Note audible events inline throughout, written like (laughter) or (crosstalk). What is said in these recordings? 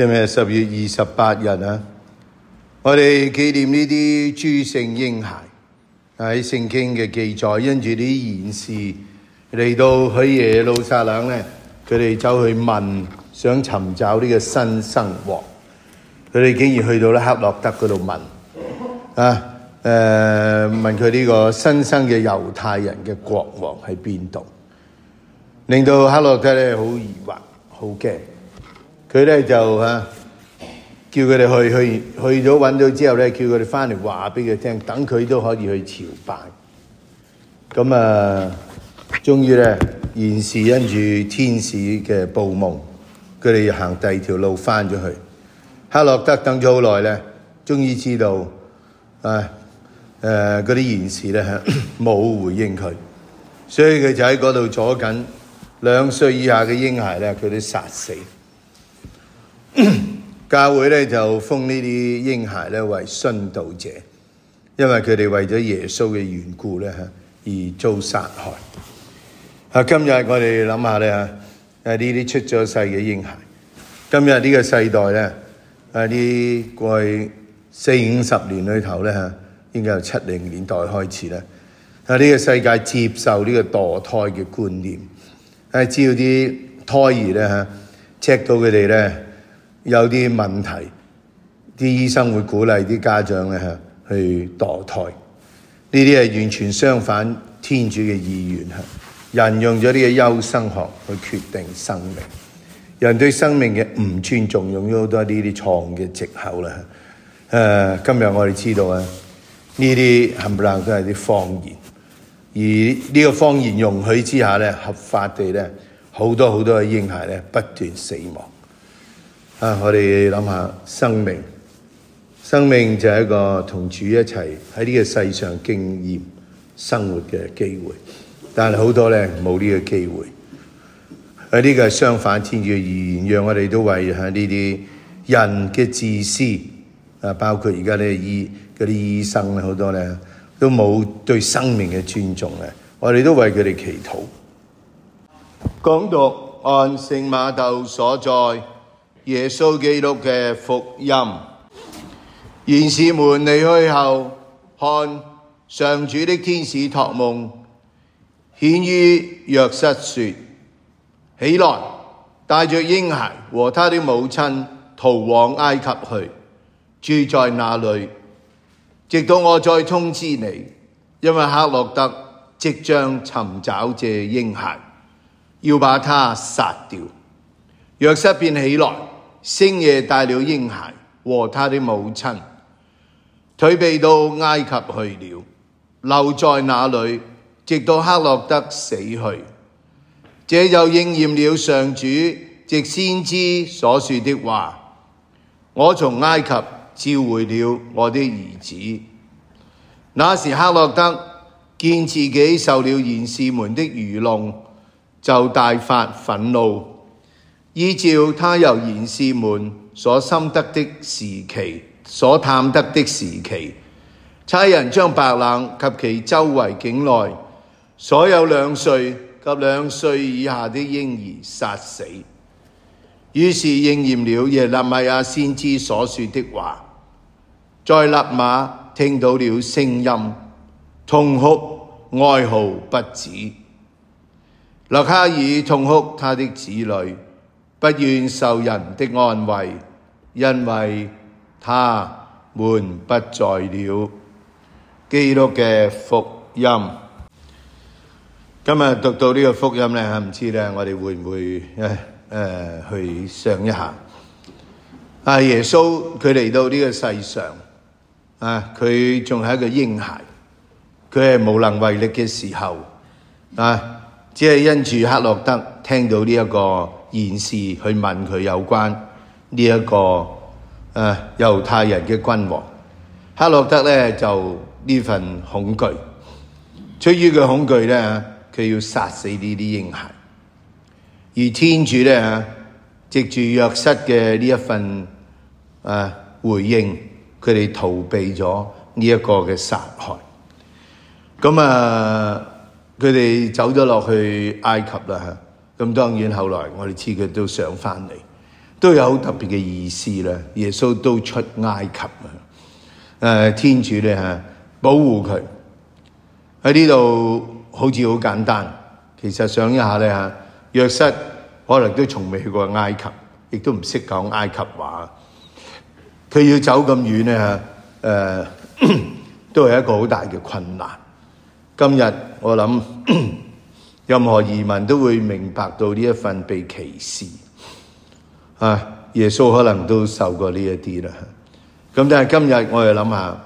今日十二月二十八日啊，我哋紀念呢啲諸聖嬰孩喺聖經嘅記載，跟住啲賢士嚟到喺耶路撒冷咧，佢哋走去問，想尋找呢個新生王，佢哋竟然去到咧黑落德嗰度問啊，誒，問佢呢個新生嘅猶太人嘅國王喺邊度，令到黑落德咧好疑惑，好驚。佢呢就、啊、叫佢哋去去去咗揾咗之後呢，叫佢哋返嚟話俾佢聽，等佢都可以去朝拜。咁啊，終於呢，賢士因住天使嘅報夢，佢哋行第二條路返咗去。黑落德等咗好耐呢，終於知道啊，呃嗰啲賢士呢冇 (coughs) 回應佢，所以佢就喺嗰度阻緊兩歲以下嘅嬰孩呢，佢都殺死。 (coughs) 教會咧就封呢啲嬰孩咧為殉道者，因為佢哋為咗耶穌嘅緣故咧吓而遭殺害。啊，今日我哋諗下咧吓，誒呢啲出咗世嘅嬰孩，今日呢個世代咧，誒啲過去四五十年裏頭咧吓，應該由七零年代開始咧，啊、這、呢個世界接受呢個墮胎嘅觀念，誒，知道啲胎兒咧吓 check 到佢哋咧。有啲問題，啲醫生會鼓勵啲家長咧吓去墮胎，呢啲係完全相反天主嘅意願吓，人用咗呢個優生學去決定生命，人對生命嘅唔尊重，用咗好多呢啲錯誤嘅藉口啦。吓，誒，今日我哋知道啊，呢啲冚唪唥都係啲謊言，而呢個謊言容許之下咧，合法地咧，好多好多嘅嬰孩咧不斷死亡。啊！我哋諗下生命，生命就係一個同主一齊喺呢個世上經驗生活嘅機會，但係好多咧冇呢個機會。喺、啊、呢、這個相反天主嘅意願，讓我哋都為吓呢啲人嘅自私啊，包括而家咧醫啲醫生咧，好多咧都冇對生命嘅尊重咧，我哋都為佢哋祈禱。恭讀按聖馬竇所載。耶穌基督嘅福音。賢士們離去後，看，上主的天使托夢，顯於若瑟說：起來，帶着嬰孩和他的母親逃往埃及去，住在那裏，直到我再通知你，因為黑落德即將尋找這嬰孩，要把他殺掉。若瑟便起來，星夜帶了嬰孩和他的母親，退避到埃及去了，留在那裏，直到黑落德死去。這就應驗了上主藉先知所說的話：我從埃及召回了我的兒子。那時黑落德見自己受了賢士們的愚弄，就大發憤怒。依照他由賢士們所心得的時期，所探得的時期，差人將白冷及其周圍境內所有兩歲及兩歲以下的嬰兒殺死，於是應驗了耶肋米亞先知所說的話。在辣瑪聽到了聲音，痛哭哀號不止。辣黑耳痛哭他的子女。不願受人的安慰，因為他們不在了。基督嘅福音，今日讀到呢個福音咧，唔知咧，我哋會唔會誒誒去想一下啊？耶穌佢嚟到呢個世上啊，佢仲係一個嬰孩，佢係無能為力嘅時候啊，只係因住黑落德聽到呢一個。現時去問佢有關呢一個誒猶太人嘅君王黑落德咧，就呢份恐懼，出於佢恐懼咧，佢要殺死呢啲嬰孩，而天主咧啊藉住約瑟嘅呢一份誒回應，佢哋逃避咗呢一個嘅殺害。咁啊，佢哋走咗落去埃及啦吓。咁當然，後來我哋知佢都想翻嚟，都有好特別嘅意思啦。耶穌都出埃及啊！呃，天主咧嚇保護佢喺呢度，好似好簡單。其實想一下咧嚇，約瑟可能都從未去過埃及，亦都唔識講埃及話，佢要走咁遠咧嚇，呃，都係一個好大嘅困難。今日我諗。咳咳任何移民都會明白到呢一份被歧視啊！耶穌可能都受過呢一啲啦。咁、嗯、但係今日我哋諗下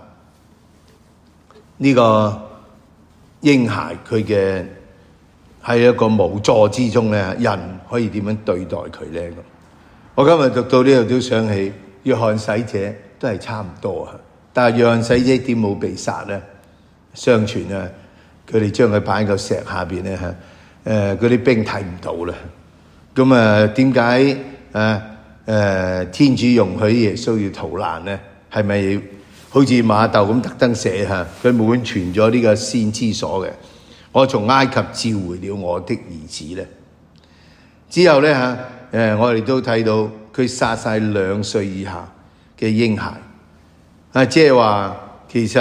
呢個嬰孩佢嘅喺一個無助之中咧，人可以點樣對待佢咧？我今日讀到呢度都想起約翰洗者都係差唔多啊。但係約翰洗者點冇被殺咧？相傳啊，佢哋將佢擺喺個石下邊咧吓。誒、呃，嗰啲兵睇唔到啦。咁、呃、啊，點解誒誒，天主容許耶穌要逃難咧？係咪好似馬竇咁特登寫吓佢？冇管傳咗呢個先知所嘅，我從埃及召回了我的兒子咧。之後咧吓，誒、啊呃，我哋都睇到佢殺晒兩歲以下嘅嬰孩。啊，即係話，其實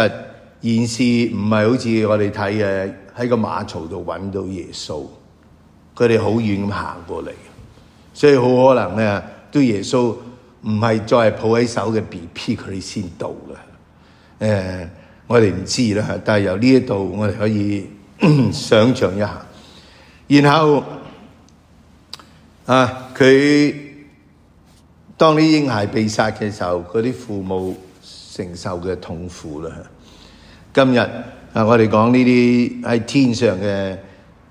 現時唔係好似我哋睇嘅。喺個馬槽度搵到耶穌，佢哋好遠咁行過嚟，所以好可能咧，對耶穌唔係再抱喺手嘅 B P 佢哋先到嘅，誒、嗯，我哋唔知啦，但係由呢一度我哋可以 (coughs) 想象一下，然後啊，佢當啲嬰孩被殺嘅時候，嗰啲父母承受嘅痛苦啦，今日。啊！我哋講呢啲喺天上嘅，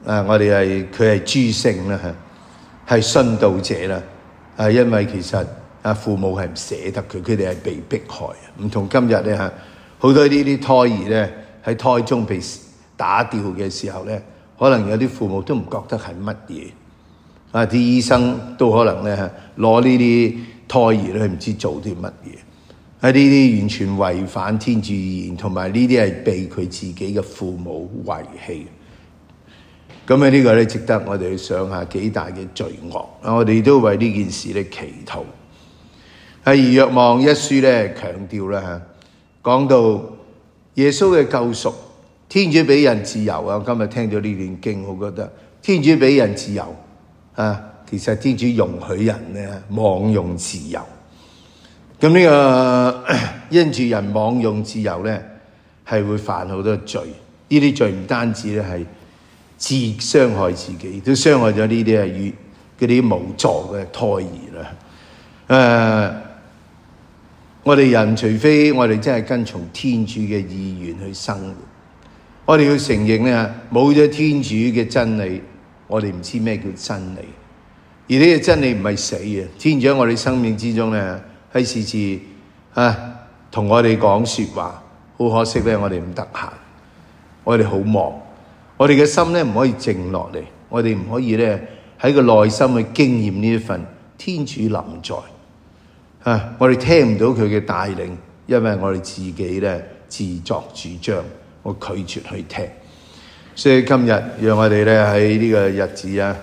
啊！我哋係佢係諸聖啦，係殉道者啦，係因為其實啊，父母係唔捨得佢，佢哋係被迫害。唔同今日咧吓，好多呢啲胎兒咧喺胎中被打掉嘅時候咧，可能有啲父母都唔覺得係乜嘢，啊！啲醫生都可能咧攞呢啲胎兒咧去唔知做啲乜嘢。喺呢啲完全違反天主意願同埋呢啲係被佢自己嘅父母遺棄。咁啊呢個咧，值得我哋去想下幾大嘅罪惡。啊，我哋都為呢件事咧祈禱。喺而若望一書咧強調啦，講到耶穌嘅救贖，天主畀人自由啊。我今日聽到呢段經，我覺得天主畀人自由啊，其實天主容許人咧妄用自由。咁呢個因住人妄用自由咧，係會犯好多罪。呢啲罪唔單止咧，係自傷害自己，都傷害咗呢啲啊，與嗰啲無助嘅胎兒啦。誒、呃，我哋人除非我哋真係跟從天主嘅意願去生活，我哋要承認咧，冇咗天主嘅真理，我哋唔知咩叫真理。而呢個真理唔係死嘅，天主喺我哋生命之中咧。係時至啊，同我哋講說話，好可惜咧，我哋唔得閒，我哋好忙，我哋嘅心咧唔可以靜落嚟，我哋唔可以咧喺個內心去經驗呢一份天主臨在啊！我哋聽唔到佢嘅帶領，因為我哋自己咧自作主張，我拒絕去聽。所以今日讓我哋咧喺呢個日子啊，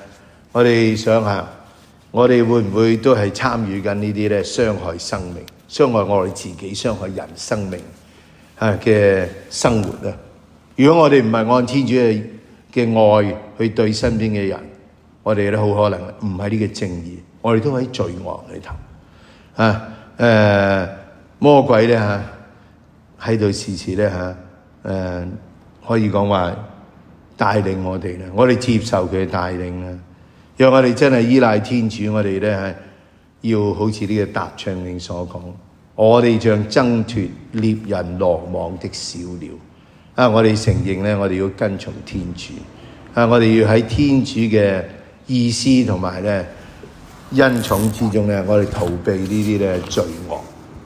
我哋想下。我哋會唔會都係參與緊呢啲咧？傷害生命，傷害我哋自己，傷害人生命吓嘅生活咧？如果我哋唔係按天主嘅愛去對身邊嘅人，我哋都好可能唔係呢個正義，我哋都喺罪惡裏頭啊！誒，魔鬼咧吓喺度時時咧吓，誒，可以講話帶領我哋咧，我哋接受佢嘅帶領咧。讓我哋真係依賴天主，我哋呢要好似呢個答唱詠所講，我哋將掙脫獵人羅網的小鳥啊！我哋承認呢，我哋要跟從天主啊！我哋要喺天主嘅意思同埋呢恩寵之中呢，我哋逃避呢啲呢罪惡。